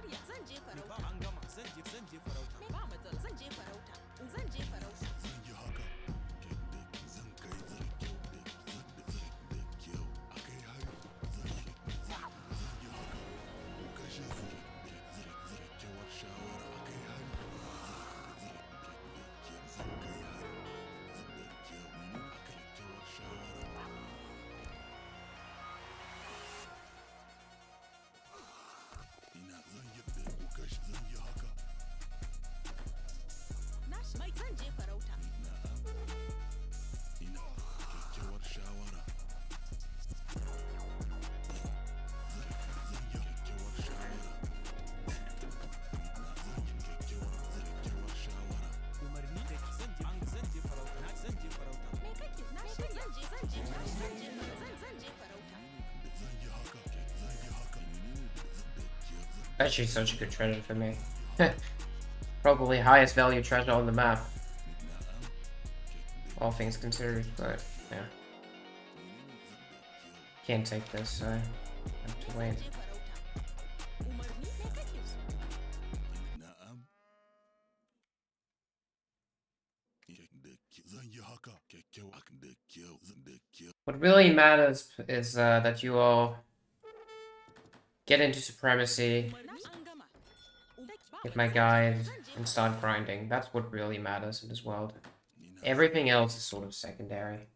shirya zan je farauta an gama zan je farauta ba matsala zan je farauta zan je farauta zan yi haka Actually, such a good treasure for me. Probably highest value treasure on the map. All things considered, but yeah. Can't take this, so I have to wait. What really matters is uh, that you all get into supremacy Get my guide and start grinding. That's what really matters in this world. Everything else is sort of secondary.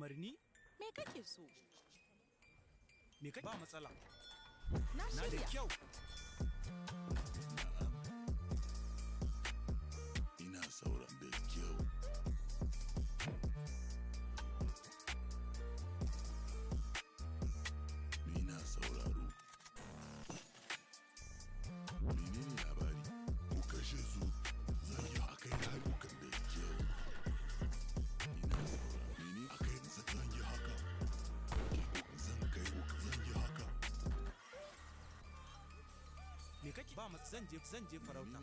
umarni? Me kake so? Me kake ba matsala. Na shirya. Na da kyau. ba mu zan je farauta.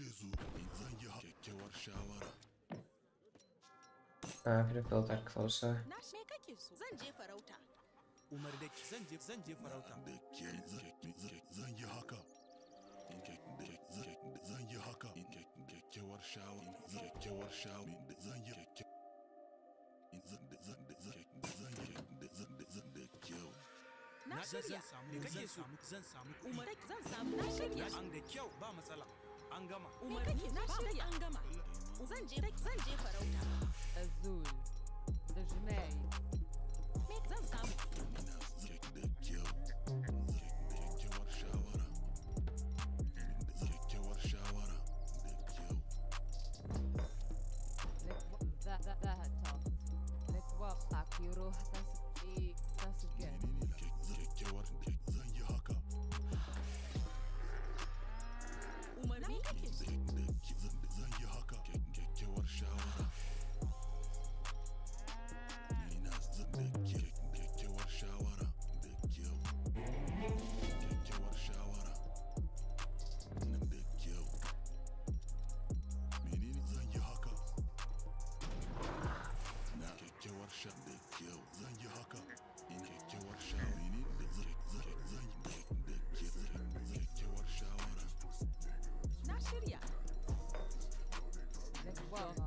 Gesù, ah, in sein Jahr, Keke Warschawara. A, prefer that closer. Zan an gama umarni Angama. shirya an gama zan je farauta azul da junaid Vallahi.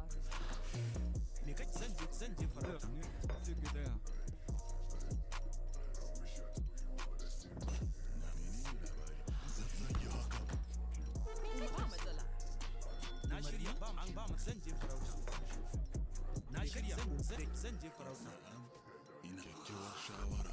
Ne kaç sen yok sen diye para atın. Çünkü de ya. Na shirya an ba mu zan je farauta. Na shirya zan je farauta. Ina kyakkyawar shawara.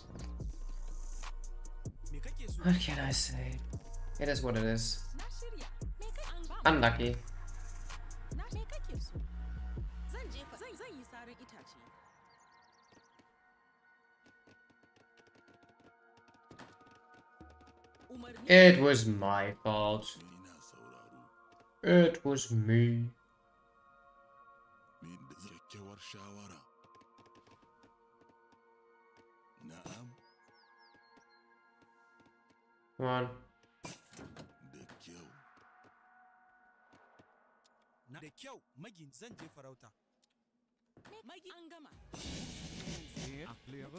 What can I say? It is what it is. Unlucky. It was my fault. It was me. Come on. Da magin zan je farauta. An gama. Eh,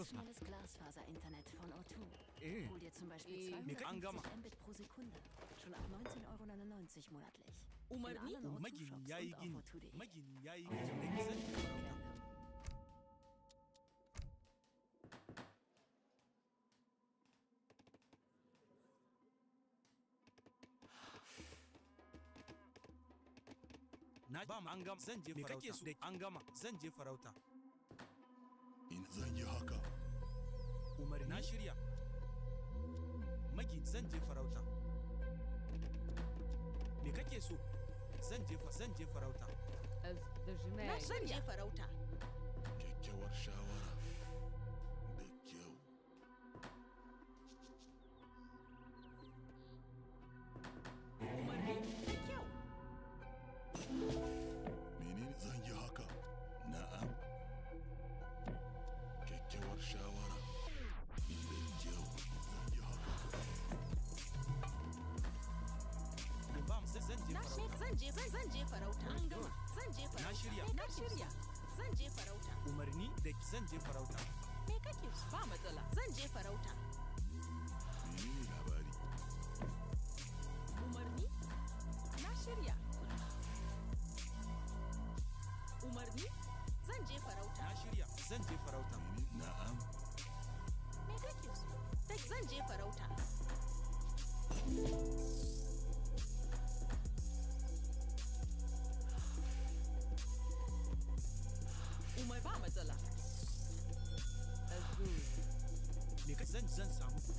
Schnelles Glasfaser-Internet von O2. Eh. Hol dir zum Beispiel 250 eh, Mbit pro Sekunde. Schon ab 19,99 Euro monatlich. Oh mein In allen ja, 2 shops und ja, O2.de. ba mu an gama zan je farauta. kake so? An gama zan je farauta. Umar na shirya. Magi zan je farauta. Me kake so? Zan je farauta. farauta. Kyakkyawar shawara. 我们怕没得了，哎呦，那个真真伤心。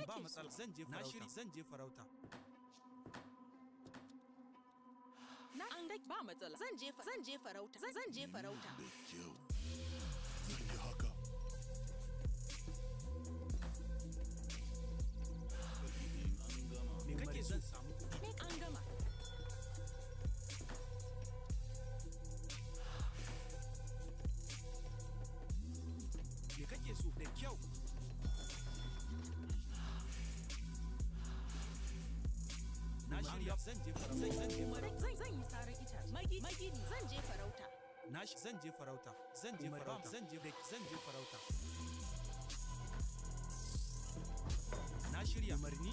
in ba matsala zan je farauta. Na shiri zan je farauta. Na an ba matsala zan je farauta zan je farauta. Zanje Farauta Zanje Break Zanje Farauta Na shirya Marni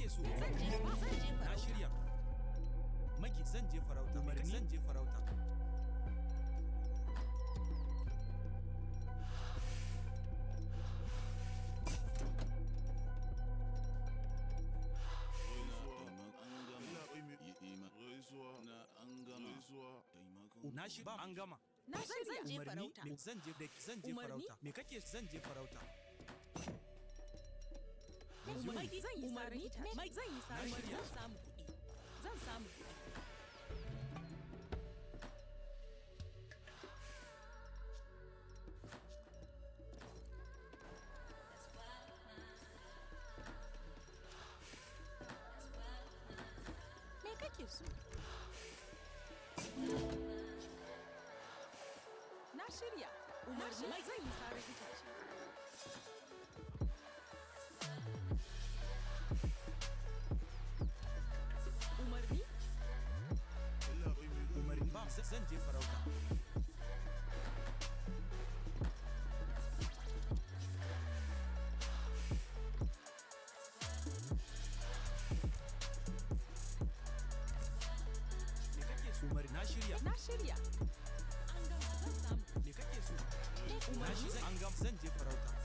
kake Zan je zan je farauta. Na shirya. Maki zan je farauta, zan je farauta. Na shi ba an gama. Na shi zan je farauta. Zan Me kake zan je farauta? umarni zan yi umarni zan yi samu zan samu kuɗi zan samu kuɗi Na shirya, umarni zan yi zan je farauta Umar na shirya. Na shirya. An gama zan samu. Me kake so? Na shi zan an gama zan je farauta.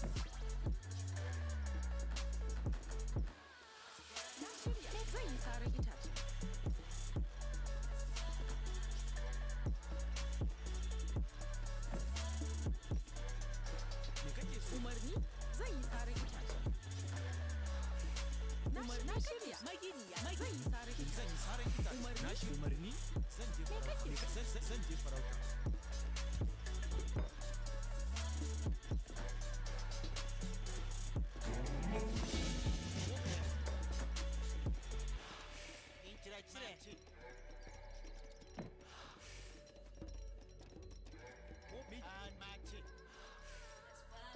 zan yi saran itace na shi umarni zan je farauta zan je farauta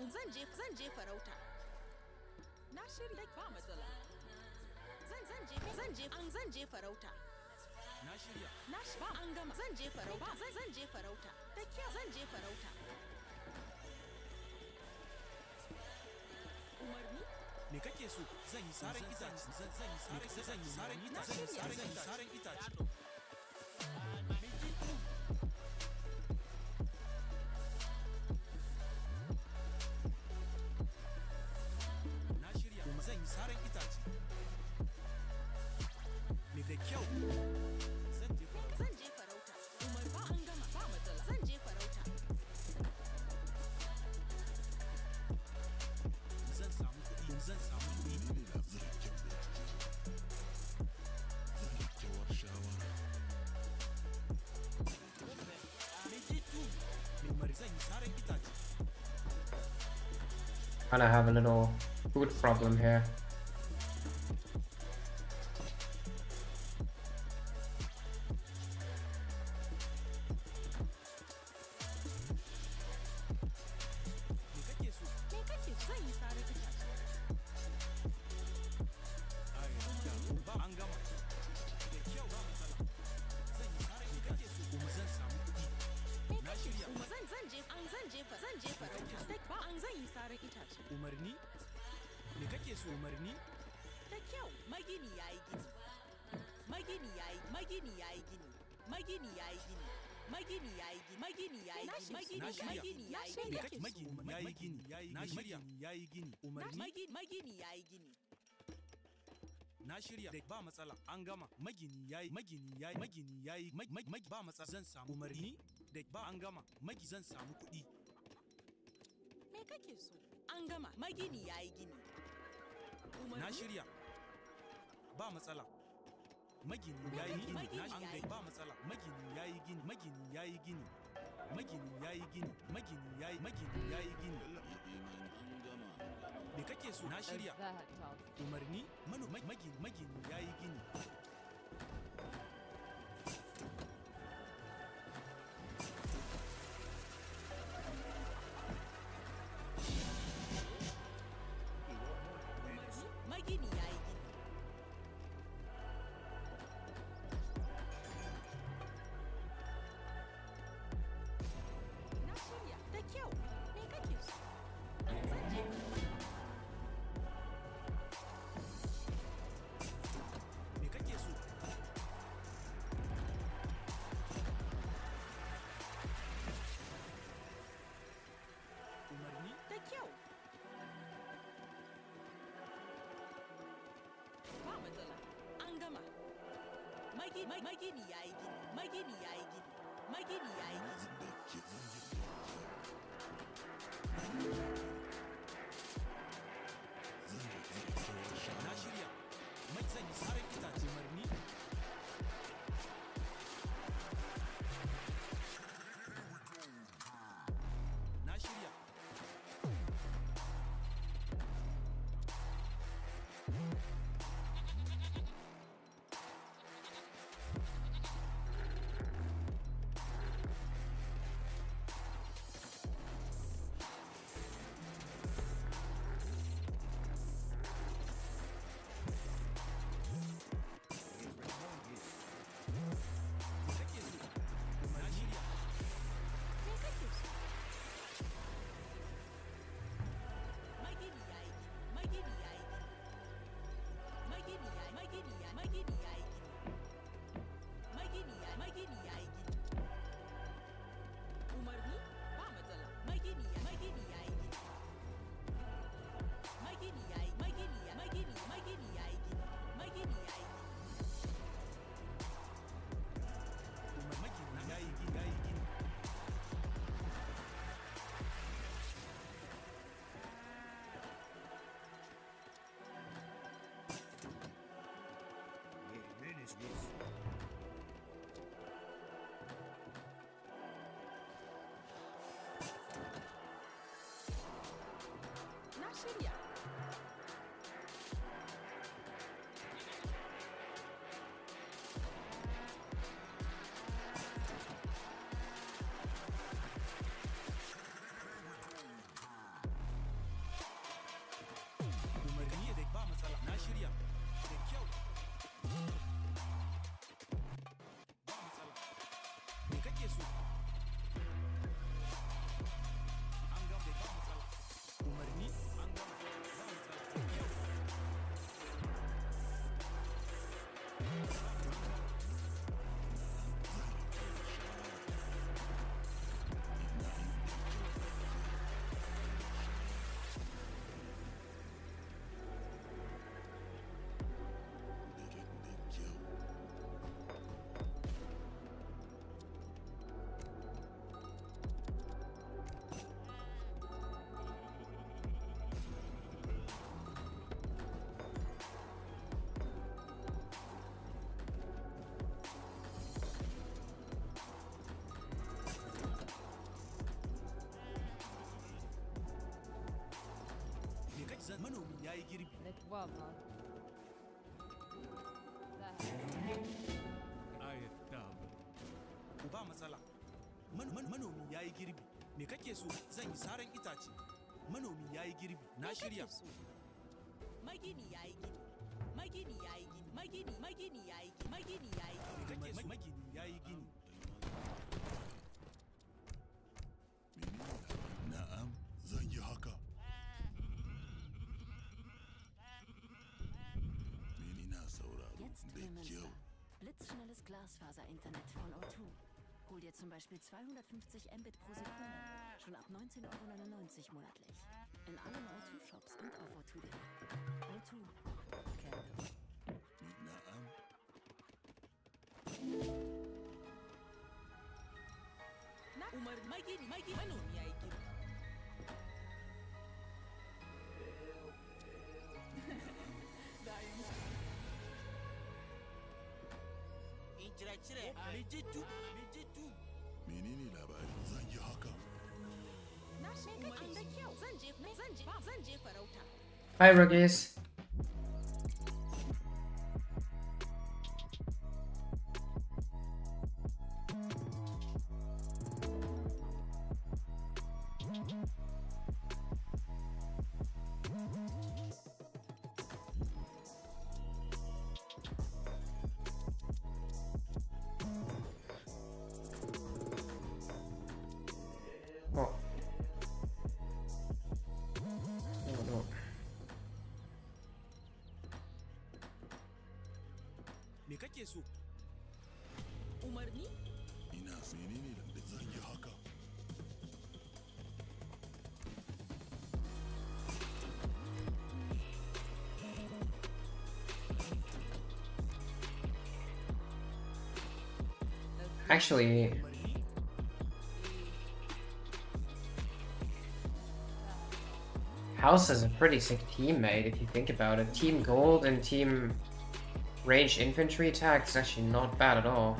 cire zan je farauta na shirya je zan je an zan je farauta na shirya na an gama zan je farauta zan zan je farauta zan je farauta umarni me kake so zan yi saran itace zan yi saran itace zan yi saran itace And I have a little food problem here. matsala an gama magini yayi magini yayi magini yayi magi ba matsala zan samu marni da ba an gama magi zan samu kuɗi me kake so an gama magini yayi gini na shirya ba matsala magini yayi gini na an ba matsala magini yayi gini magini yayi gini magini yayi gini magini yayi magini yayi gini Me kake so na shirya? Umarni manoma magini magini yayi gini. Mikey, Mikey, Mikey, Mikey, Mikey, Mikey, Mikey, Mikey, Magiria, Magiria. Peace. Valla. Ba matsala. Manomi ya yi girbi. Me kake so zan yi saran itace. Manomi ya yi girbi. Na shirya. Magini ya yi girbi. Magini ya yi gini. Magini, magini ya yi gini. Magini ya yi gini. Magini ya yi gini. ganzen Blitzschnelles Glasfaser-Internet von O2. Hol dir zum Beispiel 250 Mbit pro Sekunde. Schon ab 19,99 Euro monatlich. In allen O2-Shops und auf O2.de. O2. Kenne. Mit einer Arm. Umar, Mikey, Mikey, Manu. cira cire oh, mijitu mijitu menene labari zan yi haka na da kyau zan je zan je zan je farauta hi ruggies Umarni? Ina haka? Actually, House is a pretty sick teammate if you think about it. Team Gold and Team Ranged infantry attack is actually not bad at all.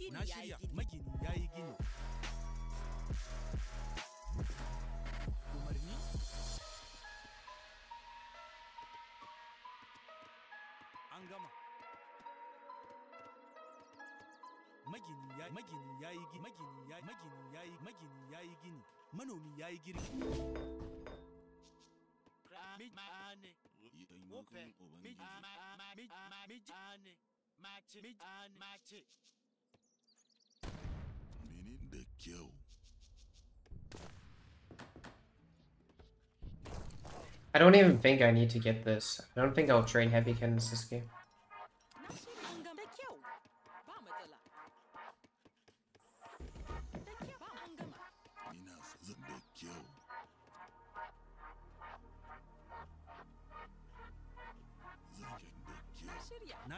gini Na shirya magini ya yi gini umarni an gama magini ya magini ya yi gini magini ya magini ya yi magini ya yi gini manomi ya yi girki mijane wofe mijane mijane mace mijane mace need to kill. I don't even think I need to get this. I don't think I'll train heavy cannons this game.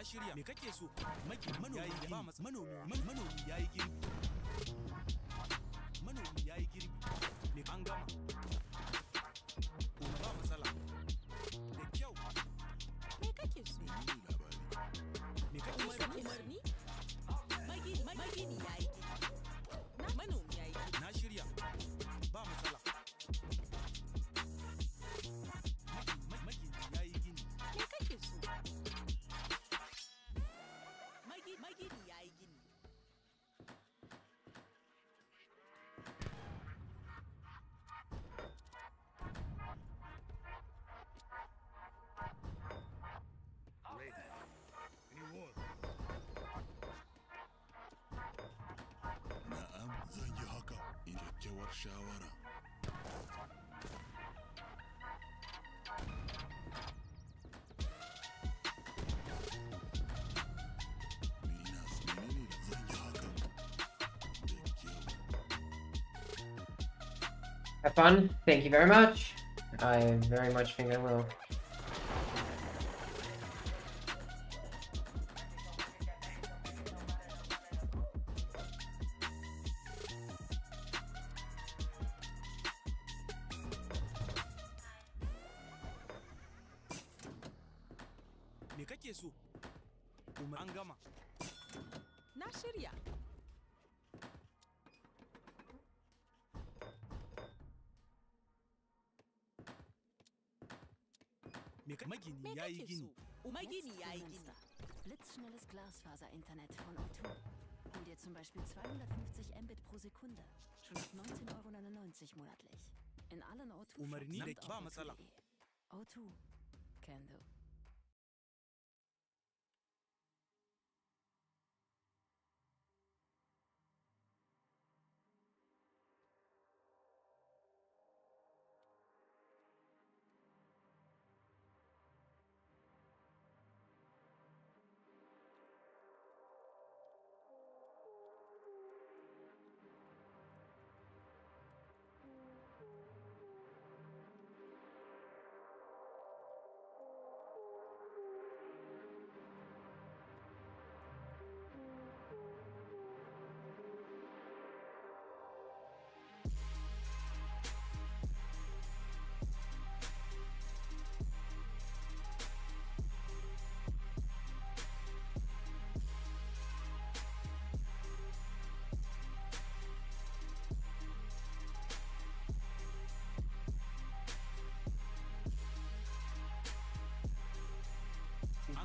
shirya me kake so manomi ba manomi manomi yayi girbi manomi yayi girbi me an gama Have fun. Thank you very much. I very much think I will. Me Na shirya. Yaigin. Umagini Yaigin. Blitzschnelles Glasfaser-Internet von O2. Haben dir zum Beispiel 250 Mbit pro Sekunde. Schon auf 19,99 Euro monatlich. In allen O2-Shops. O2. Kendo.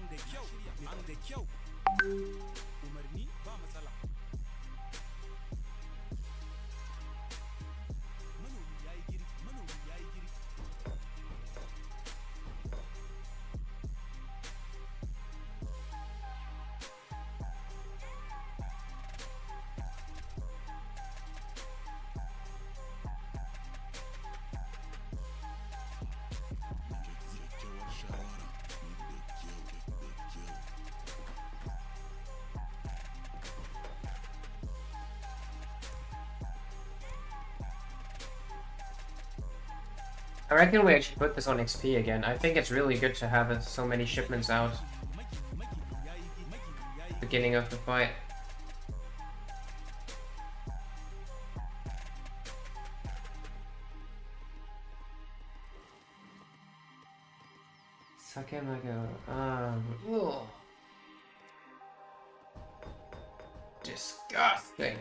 I'm the yo, am the I reckon we actually put this on XP again. I think it's really good to have so many shipments out. Beginning of the fight. Second, I um, ugh. Disgusting.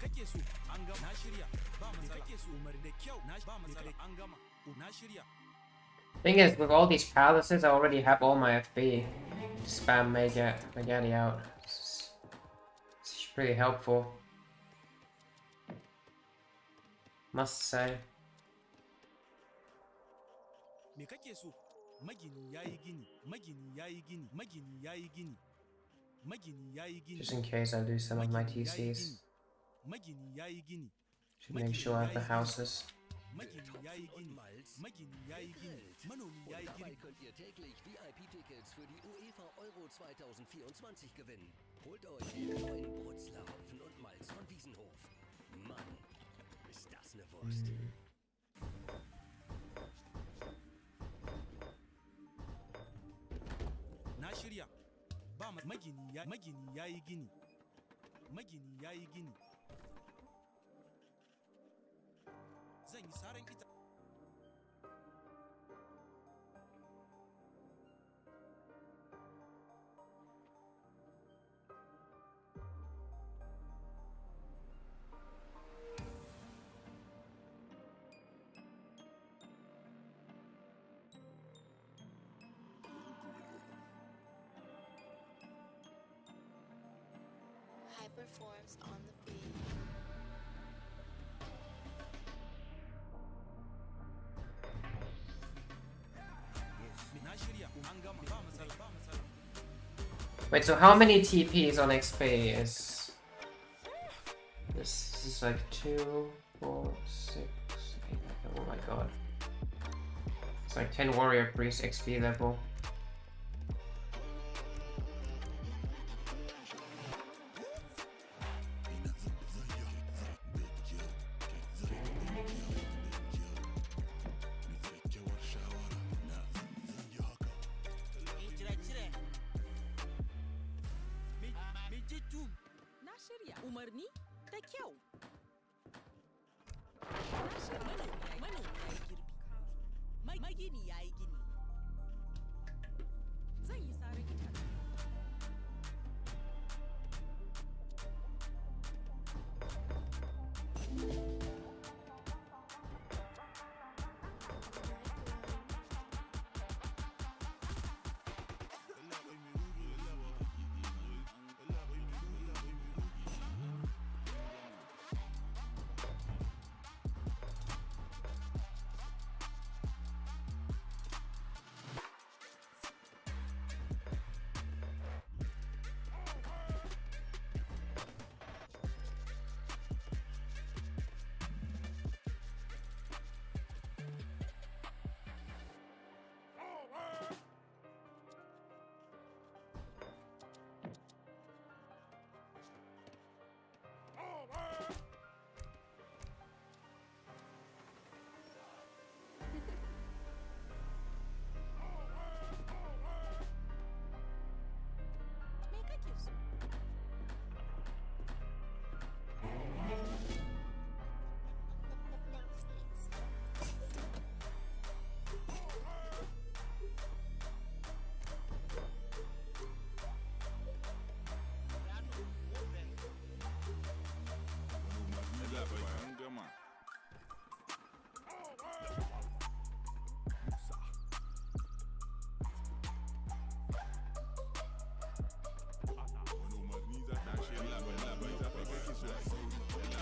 kake so an gama na shirya ba umar da kyau na ba an gama na shirya Thing is, with all these palaces, I already have all my FB. Spam Major Magadi out. It's pretty helpful. Must say. Just in case I lose some of my TCs. magini ya yi gini make sure I have the houses magini ya yi gini magini ya yi gini manomi ya yi gini könnt ihr täglich VIP-Tickets für die UEFA Euro 2024 gewinnen holt euch den neuen Brutzler Hopfen und Malz von Wiesenhof Mann ist das eine Wurst mm. Na shirya ba magini ya magini yayi gini magini yayi gini zan yi saran ita performs on the Wait, so how many TPs on XP is... This, this is like Oh my god. It's like 10 warrior priest XP level.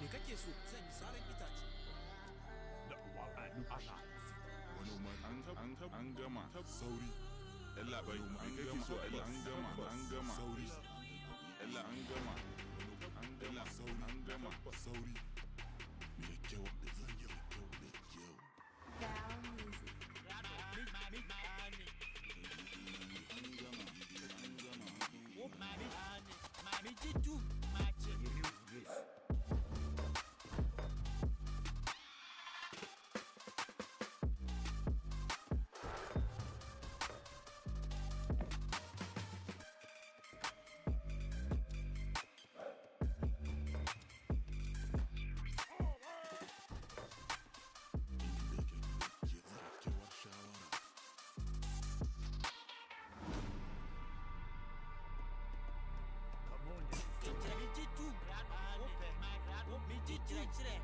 me kake so zan yi saran itace da uwa bani Allah wani an an gama sauri bai an so an gama an gama sauri an gama an gama sauri an gama sauri me did you today?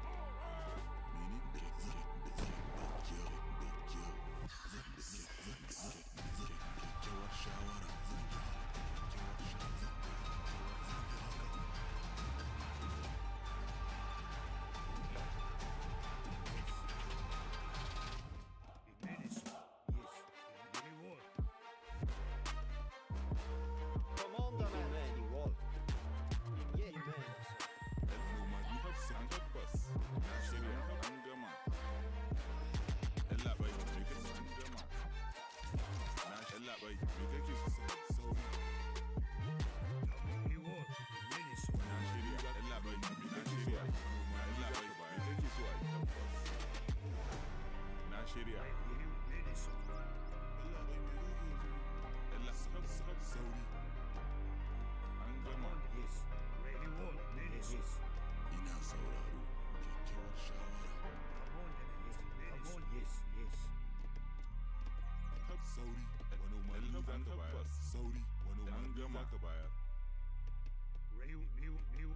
san tabbas sauri wani an gama ka bayar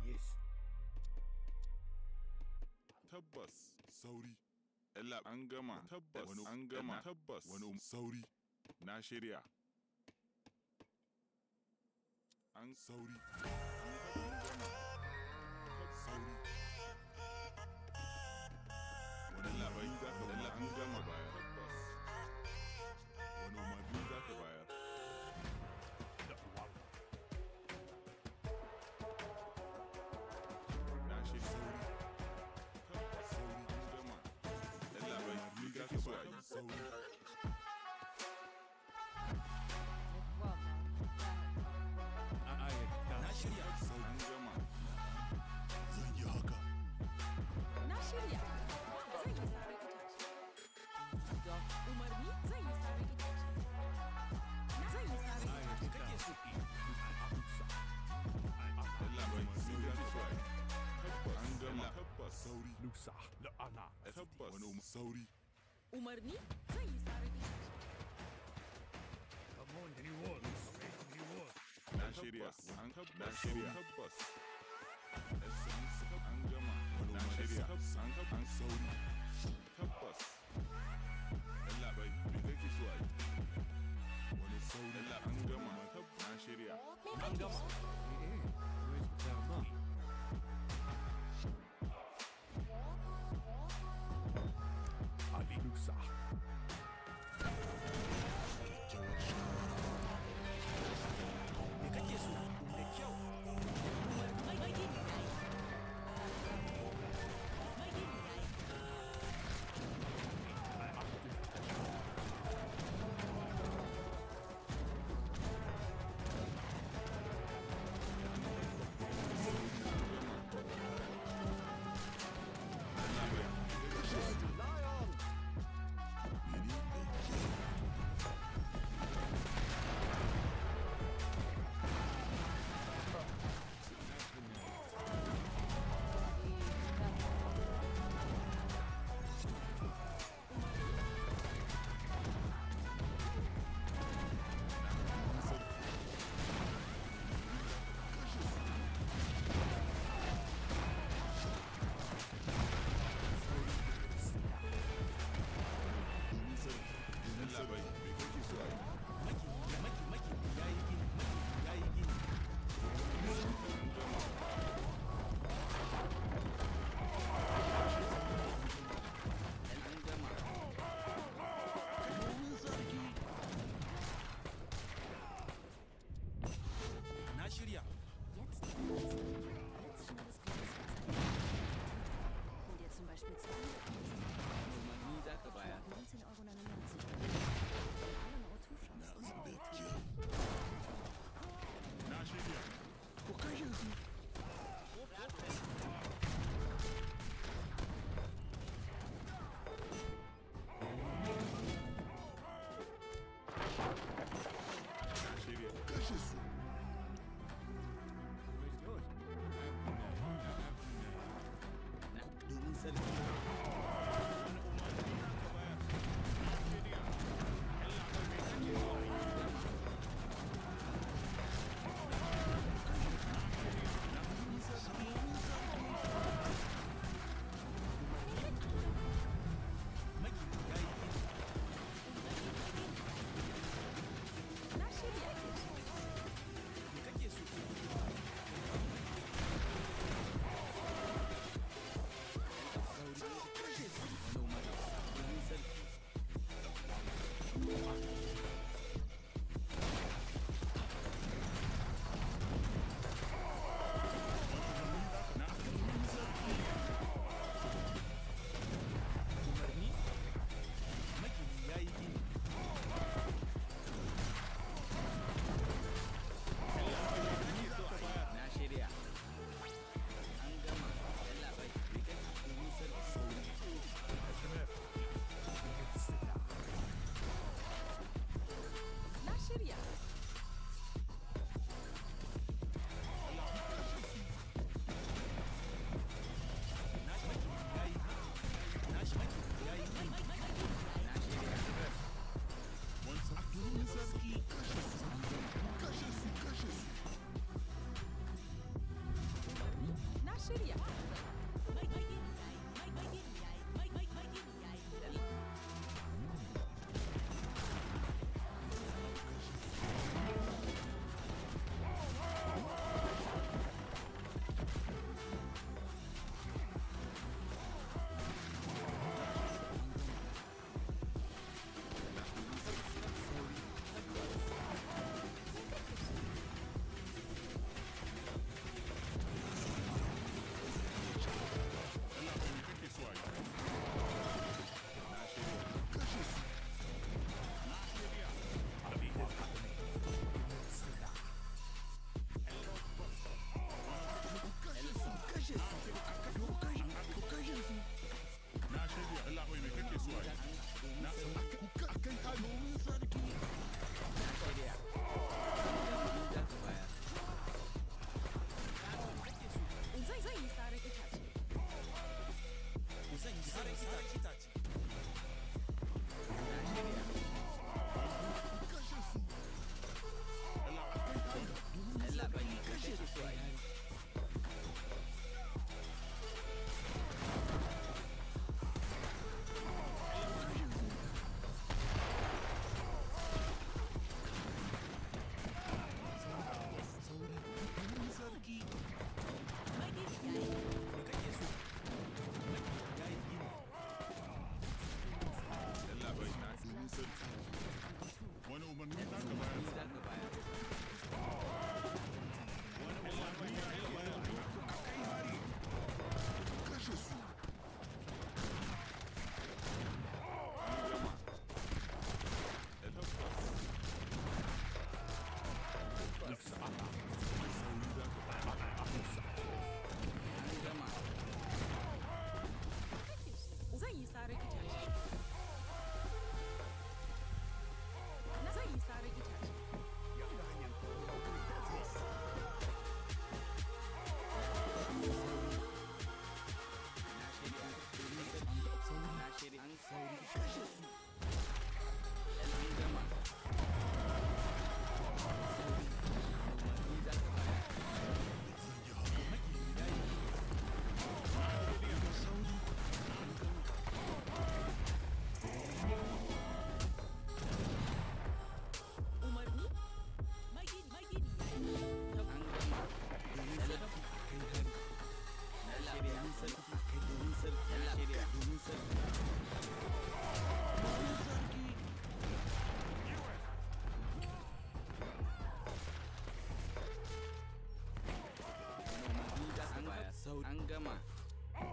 yes tabbas sauri Allah an gama tabbas wani an gama tabbas wani sauri na shirya an sauri sauri wani labai za ka wani an gama ba fight. Oh so Saudi, Lusa, La'ana, Saudi. Umarni zai yi tsara Ich bin 19,99 Euro. sau An gama.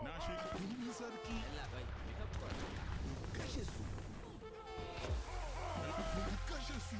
Na shi kudin sarki. Labai, kashe su. Kashe su.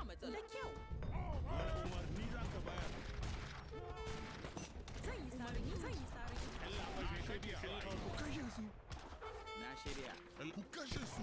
Ku kashe su. Na shirya. Ku kashe su.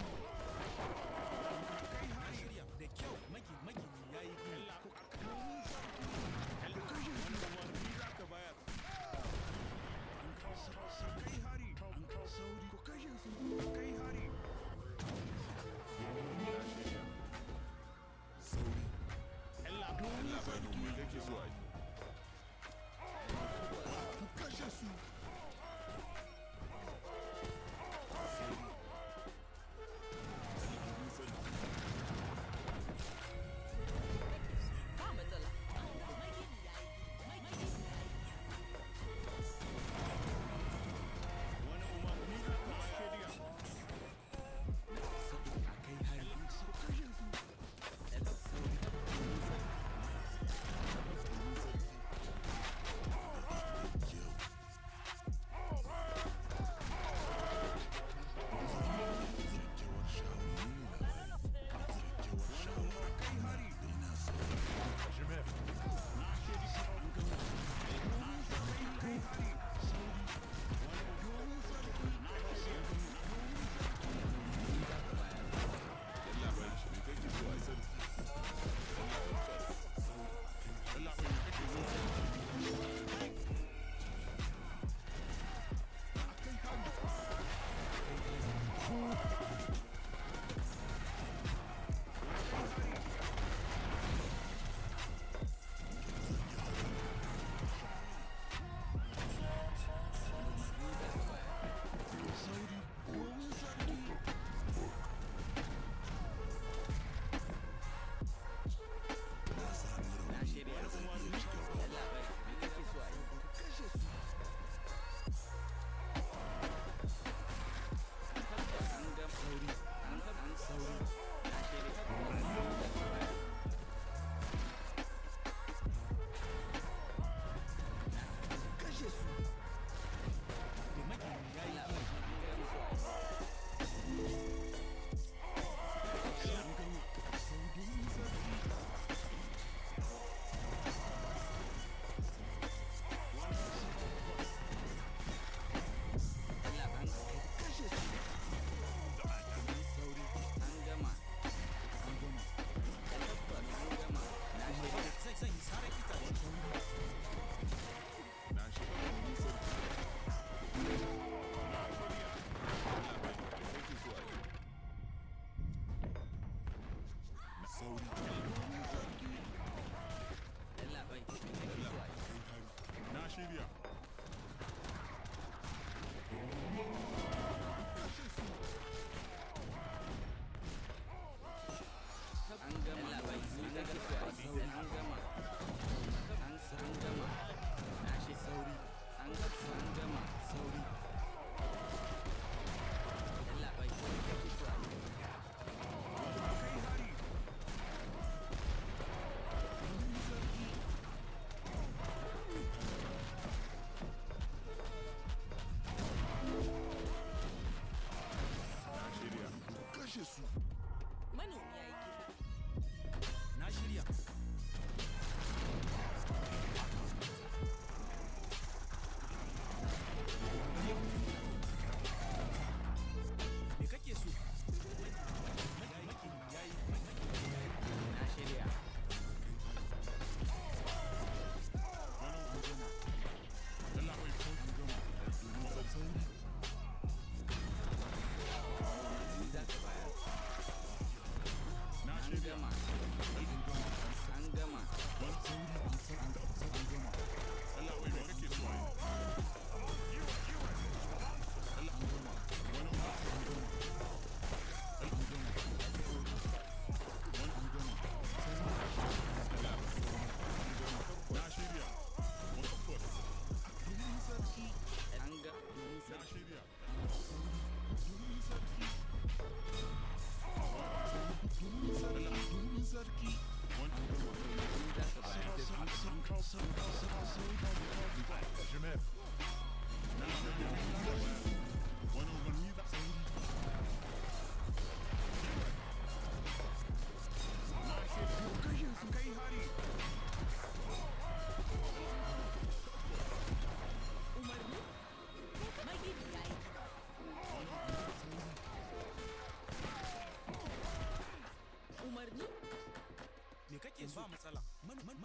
chez you. Sangama. One, two,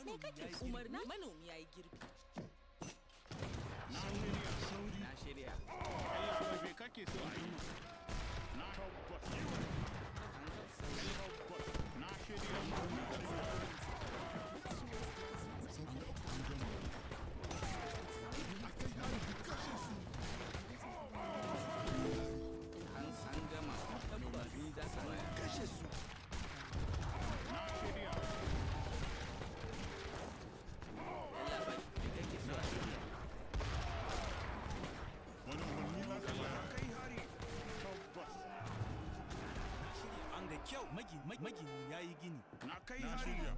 Macaquinho. O não Manumi, aí. kyau magini ya yi gini na kai hari ya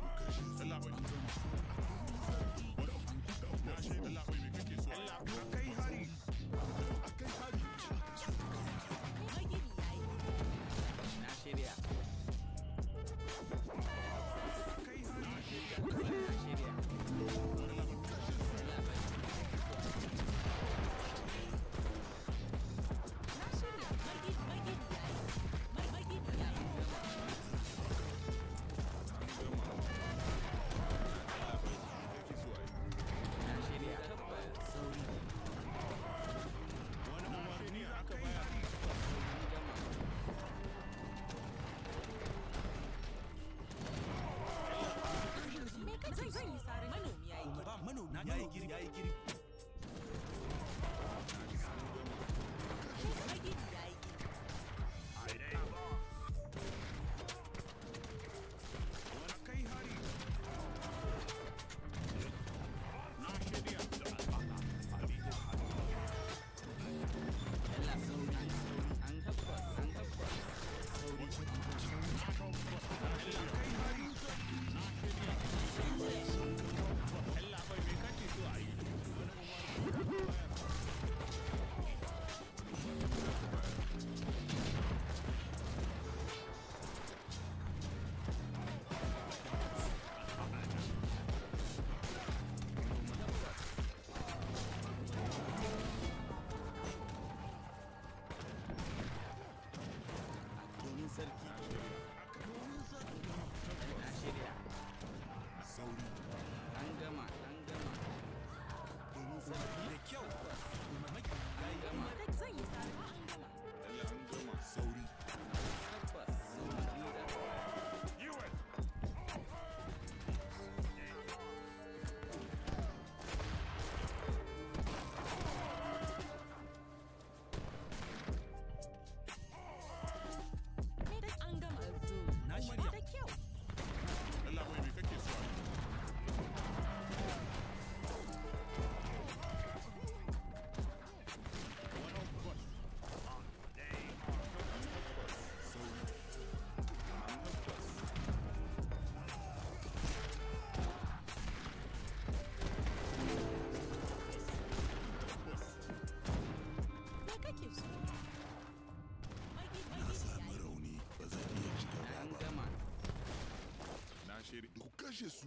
Jesus.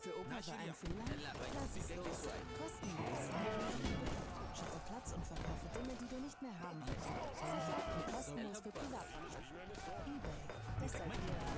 für Opa war ein Fehler? Das ist los. Kostenlos. Schaffe Platz und verkaufe Dinge, die du nicht mehr haben willst. Sicher und kostenlos für Privatverkäufer. Ebay. Besser hier.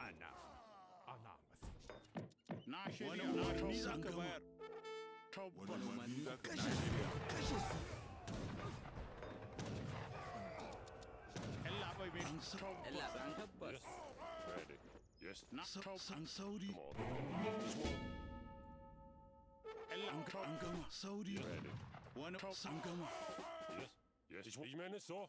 Ana. Ana. Na shirya na ni za ka bayar. Tabbas Yes, za ka shirya. Kashe su. Allah bai bai. Allah ban tabbas. Ready. Yes. Na tabbas. Saudi. Allah an gama. Saudi. Wani an gama. Yes. Yes. Ich meine so.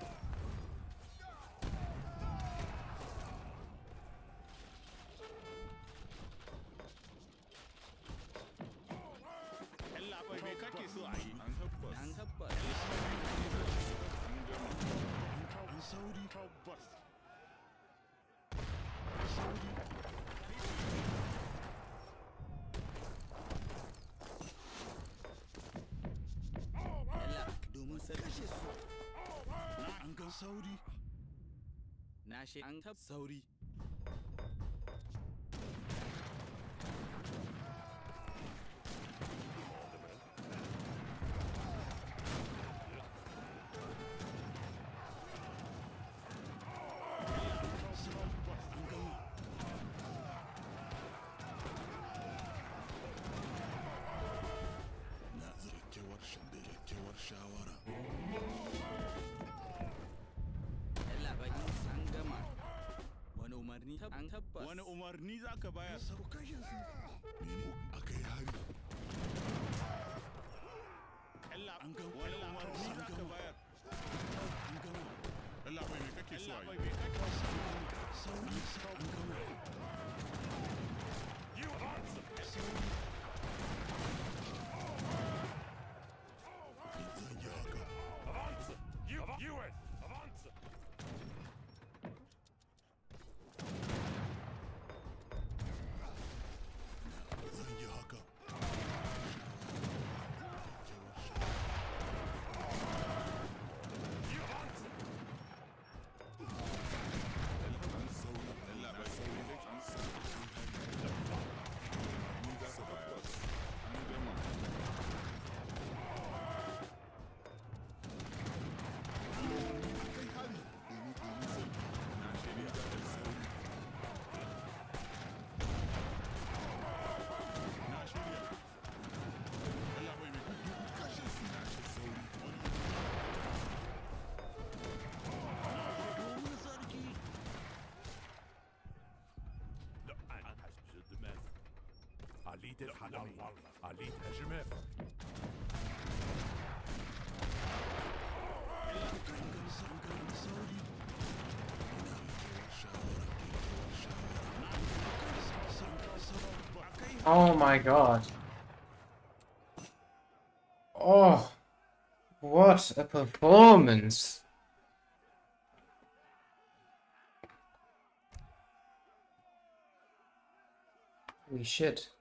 sai kashe su. An sauri. Na an tab sauri. tabbas wani umarni zaka bayar sauka yanzu Oh my god. Oh, what a performance. Holy shit.